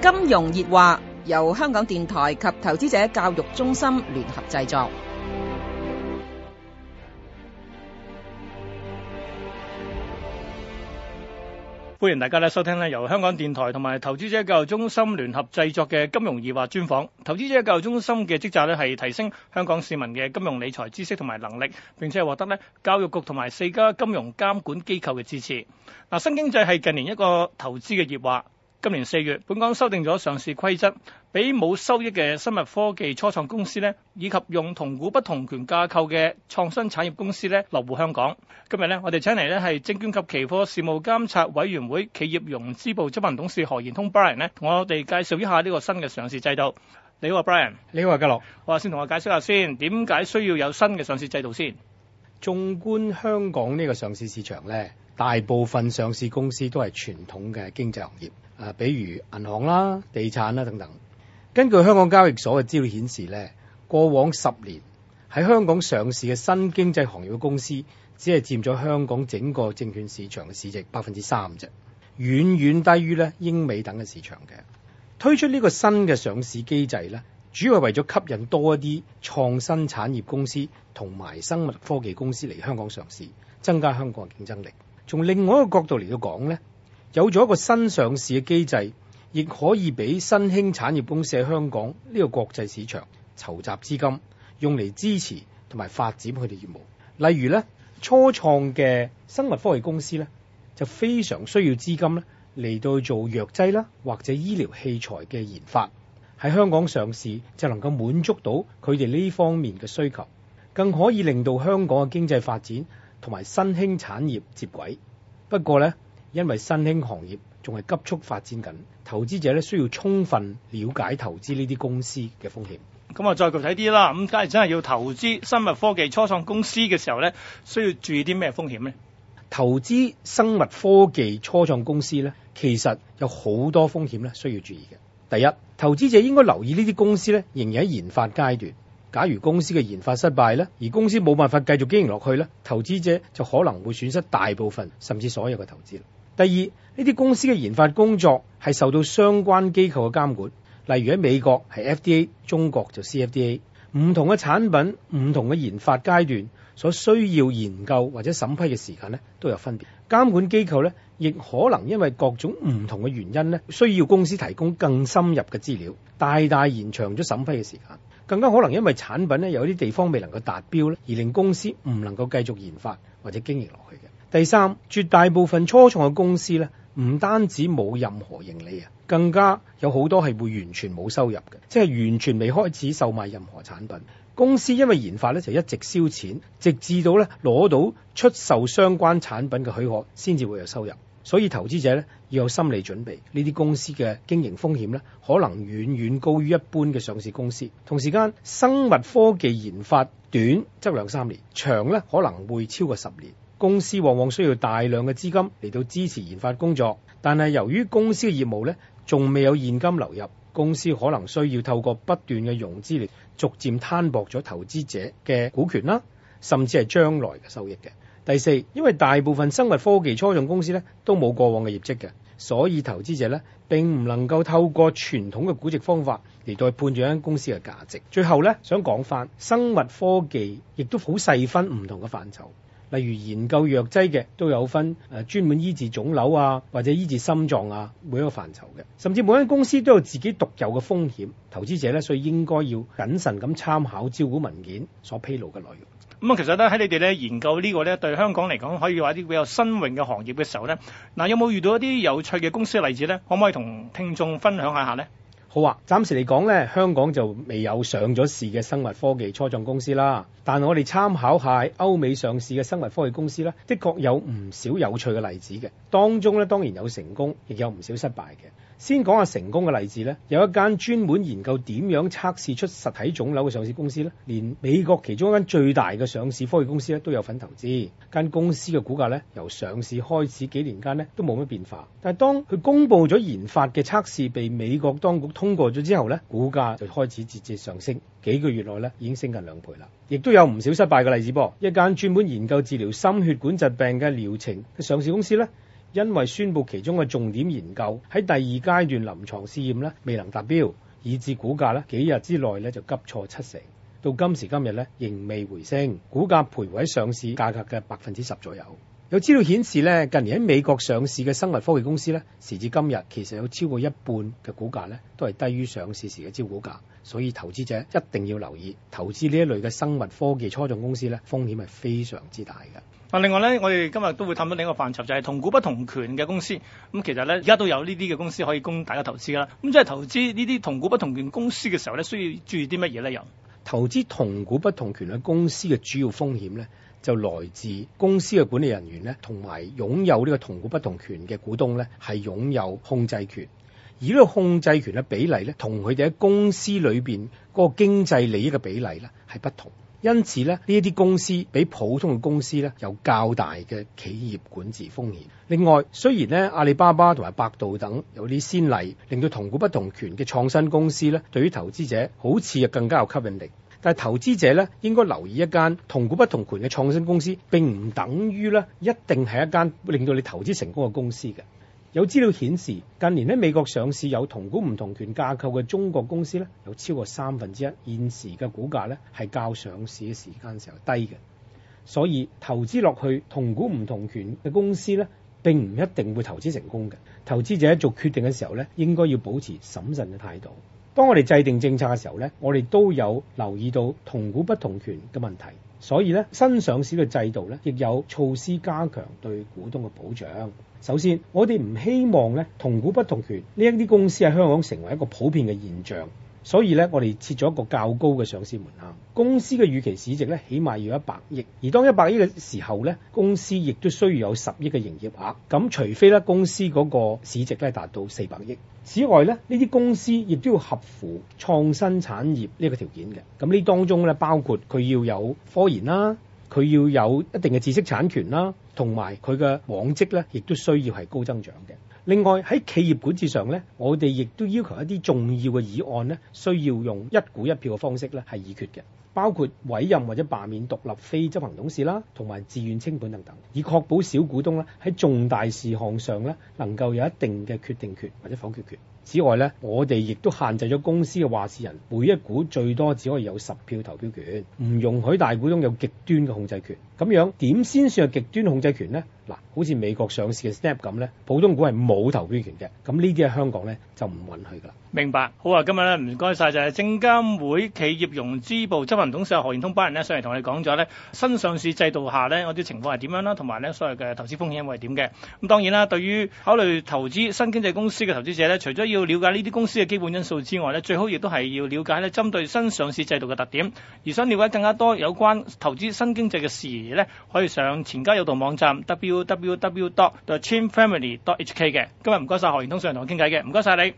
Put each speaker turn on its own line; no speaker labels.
金融熱話由香港電台及投資者教育中心聯合製作。
歡迎大家呢收聽呢由香港電台同埋投資者教育中心聯合製作嘅金融熱話專訪。投資者教育中心嘅職責呢係提升香港市民嘅金融理財知識同埋能力，並且係獲得呢教育局同埋四家金融監管機構嘅支持。嗱，新經濟係近年一個投資嘅熱話。今年四月，本港修訂咗上市規則，俾冇收益嘅生物科技初創公司呢，以及用同股不同權架構嘅創新產業公司呢落戶香港。今日呢，我哋請嚟呢係證券及期貨事務監察委員會企業融資部執行董事何賢通 Brian 呢，同我哋介紹一下呢個新嘅上市制度。你好啊，Brian。你好啊，家樂。我先同我解釋下先，點解需要有新嘅上市制度先？
縱觀香港呢個上市市場呢，大部分上市公司都係傳統嘅經濟行業。啊，比如銀行啦、地產啦等等。根據香港交易所嘅資料顯示呢，過往十年喺香港上市嘅新經濟行業嘅公司，只係佔咗香港整個證券市場嘅市值百分之三啫，遠遠低於咧英美等嘅市場嘅。推出呢個新嘅上市機制呢，主要係為咗吸引多一啲創新產業公司同埋生物科技公司嚟香港上市，增加香港嘅競爭力。從另外一個角度嚟到講呢。有咗一個新上市嘅機制，亦可以俾新興產業公司喺香港呢個國際市場籌集資金，用嚟支持同埋發展佢哋業務。例如呢，初創嘅生物科技公司呢，就非常需要資金呢嚟到做藥劑啦，或者醫療器材嘅研發。喺香港上市，就能夠滿足到佢哋呢方面嘅需求，更可以令到香港嘅經濟發展同埋新興產業接軌。不過呢，因為新興行業仲係急速發展緊，投資者咧需要充分了解投資呢啲公司嘅風險。
咁啊，再具體啲啦，咁梗真係要投資生物科技初創公司嘅時候呢，需要注意啲咩風險呢？
投資生物科技初創公司呢，其實有好多風險咧需要注意嘅。第一，投資者應該留意呢啲公司呢，仍然喺研發階段。假如公司嘅研發失敗呢，而公司冇辦法繼續經營落去呢，投資者就可能會損失大部分甚至所有嘅投資。第二，呢啲公司嘅研發工作係受到相關機構嘅監管，例如喺美國係 FDA，中國就 CFDA。唔同嘅產品、唔同嘅研發階段，所需要研究或者審批嘅時間咧都有分別。監管機構咧亦可能因為各種唔同嘅原因咧，需要公司提供更深入嘅資料，大大延長咗審批嘅時間，更加可能因為產品咧有啲地方未能夠達標咧，而令公司唔能夠繼續研發或者經營落去嘅。第三，絕大部分初創嘅公司咧，唔單止冇任何盈利啊，更加有好多係會完全冇收入嘅，即係完全未開始售賣任何產品。公司因為研發咧就一直燒錢，直至到咧攞到出售相關產品嘅許可，先至會有收入。所以投資者咧要有心理準備，呢啲公司嘅經營風險咧可能遠遠高於一般嘅上市公司。同時間，生物科技研發短則兩三年，長咧可能會超過十年。公司往往需要大量嘅資金嚟到支持研發工作，但係由於公司嘅業務呢仲未有現金流入，公司可能需要透過不斷嘅融資嚟逐漸攤薄咗投資者嘅股權啦，甚至係將來嘅收益嘅。第四，因為大部分生物科技初創公司呢都冇過往嘅業績嘅，所以投資者呢並唔能夠透過傳統嘅估值方法嚟到判斷一間公司嘅價值。最後呢，想講翻，生物科技亦都好細分唔同嘅範疇。例如研究藥劑嘅都有分，誒、啊、專門醫治腫瘤啊，或者醫治心臟啊，每一個範疇嘅，甚至每間公司都有自己獨有嘅風險。投資者咧，所以應該要謹慎咁參考招股文件所披露嘅內容。
咁啊、嗯，其實咧喺你哋咧研究個呢個咧對香港嚟講，可以話一啲比較新穎嘅行業嘅時候咧，嗱，有冇遇到一啲有趣嘅公司例子咧？可唔可以同聽眾分享一下下咧？
好啊，暫時嚟講咧，香港就未有上咗市嘅生物科技初創公司啦。但我哋參考下歐美上市嘅生物科技公司咧，的確有唔少有趣嘅例子嘅。當中咧，當然有成功，亦有唔少失敗嘅。先講下成功嘅例子咧，有一間專門研究點樣測試出實體腫瘤嘅上市公司咧，連美國其中一間最大嘅上市科技公司咧都有份投資。間公司嘅股價咧由上市開始幾年間咧都冇乜變化，但係當佢公佈咗研發嘅測試被美國當局通過咗之後咧，股價就開始節節上升。幾個月內咧已經升近兩倍啦。亦都有唔少失敗嘅例子噃，一間專門研究治療心血管疾病嘅療程嘅上市公司咧。因為宣布其中嘅重點研究喺第二階段臨床試驗呢未能達標，以致股價呢幾日之內呢就急挫七成，到今時今日呢仍未回升，股價徘徊喺上市價格嘅百分之十左右。有資料顯示呢，近年喺美國上市嘅生物科技公司呢，時至今日其實有超過一半嘅股價呢都係低於上市時嘅招股價，所以投資者一定要留意投資呢一類嘅生物科技初創公司呢，風險係非常之大嘅。
嗱，另外咧，我哋今日都會探討另一個範疇，就係同股不同權嘅公司。咁其實咧，而家都有呢啲嘅公司可以供大家投資㗎啦。咁即係投資呢啲同股不同權公司嘅時候咧，需要注意啲乜嘢咧？又
投資同股不同權嘅公司嘅主要風險咧，就來自公司嘅管理人員咧，同埋擁有呢個同股不同權嘅股東咧，係擁有控制權。而呢個控制權嘅比例咧，同佢哋喺公司裏邊嗰個經濟利益嘅比例咧，係不同。因此咧，呢一啲公司比普通嘅公司咧有較大嘅企業管治風險。另外，雖然咧阿里巴巴同埋百度等有啲先例，令到同股不同權嘅創新公司咧，對於投資者好似更加有吸引力。但係投資者咧應該留意一間同股不同權嘅創新公司，並唔等於咧一定係一間令到你投資成功嘅公司嘅。有資料顯示，近年喺美國上市有同股唔同權架構嘅中國公司咧，有超過三分之一現時嘅股價咧係較上市嘅時間時候低嘅，所以投資落去同股唔同權嘅公司咧並唔一定會投資成功嘅。投資者做決定嘅時候咧，應該要保持審慎嘅態度。當我哋制定政策嘅時候咧，我哋都有留意到同股不同權嘅問題。所以咧，新上市嘅制度咧，亦有措施加強對股東嘅保障。首先，我哋唔希望咧同股不同權呢一啲公司喺香港成為一個普遍嘅現象。所以咧，我哋設咗一個較高嘅上市門檻。公司嘅預期市值咧，起碼要一百億。而當一百億嘅時候咧，公司亦都需要有十億嘅營業額。咁除非咧，公司嗰個市值咧達到四百億。此外咧，呢啲公司亦都要合乎創新產業呢個條件嘅。咁呢當中咧，包括佢要有科研啦，佢要有一定嘅知識產權啦，同埋佢嘅往績咧，亦都需要係高增長嘅。另外喺企業管治上咧，我哋亦都要求一啲重要嘅議案咧，需要用一股一票嘅方式咧係議決嘅，包括委任或者罷免獨立非執行董事啦，同埋自願清盤等等，以確保小股東咧喺重大事項上咧能夠有一定嘅決定權或者否決權。此外咧，我哋亦都限制咗公司嘅話事人，每一股最多只可以有十票投票權，唔容許大股東有極端嘅控制權。咁樣點先算係極端控制權呢？嗱，好似美國上市嘅 Snap 咁呢，普通股係冇投票權嘅。咁呢啲喺香港呢，就唔允許㗎啦。
明白。好啊，今日咧唔該晒就係證監會企業融資部執行董事何賢通班人呢上嚟同你講咗呢。新上市制度下呢，嗰啲情況係點樣啦，同埋呢，所謂嘅投資風險係點嘅。咁當然啦，對於考慮投資新經濟公司嘅投資者呢，除咗要了解呢啲公司嘅基本因素之外呢，最好亦都係要了解呢針對新上市制度嘅特點。而想了解更加多有關投資新經濟嘅事咧可以上錢家有道網站 www.dot.thechinfamily.dot.hk h 嘅。今日唔該晒，何賢通先生同我傾偈嘅，唔該晒你。